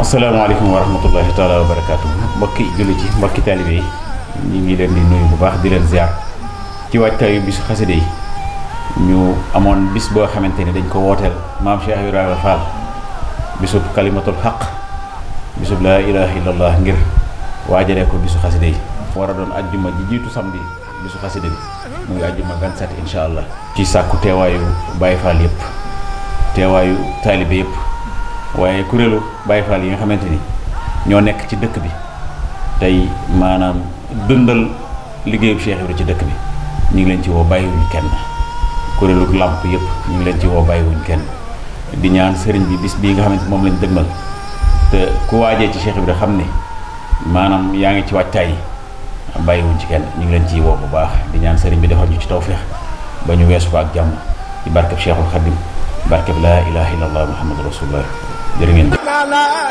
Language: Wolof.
asalaamaaleykum wa rahmatullahi taala wa barakaatu mbokki jullit yi mbokki taalibe yi ñu ngi leen di nuyu bu baax di leen ziar ci waajtaayu bisu xaside yi ñu amoon bis boo xamante ni dañ ko wooteel maam Cheikh Ibrahima Fall bisub kalimatul xaq bisub laa ilaha illallah ngir waajalee ko bisu xaside yi war a doon ajjuma ji jiitu bisu xaside bi muy ajjuma 27 incha allah ci sàkku teewaayu Baye Fall yëpp teewaayu taalibe yëpp waaye kuréelu bàyyi Fall yi nga xamante ni ñoo nekk ci dëkk bi tey maanaam dëndal liggéeyu Cheikh Ibra ci dëkk bi ñu ngi leen ci woo bàyyiwuñ kenn kuréelu làmp yëpp ñu ngi leen ci woo bàyyiwuñ kenn di ñaan sëriñ bi bis bii nga xamante moom lañ dëgmal te ku waajee ci Cheikh Ibra xam ne maanaam yaa ngi ci waajtaay yi bàyyiwuñ ci kenn ñu ngi leen ci wow bu baax di ñaan sëriñ bi defal ñu ci tawféex ba ñu weesu ko ak jàmm ci barkeb Cheikhul Khadim barkeb laa ilaha illallah muhammadu rasulullah jërë ngeen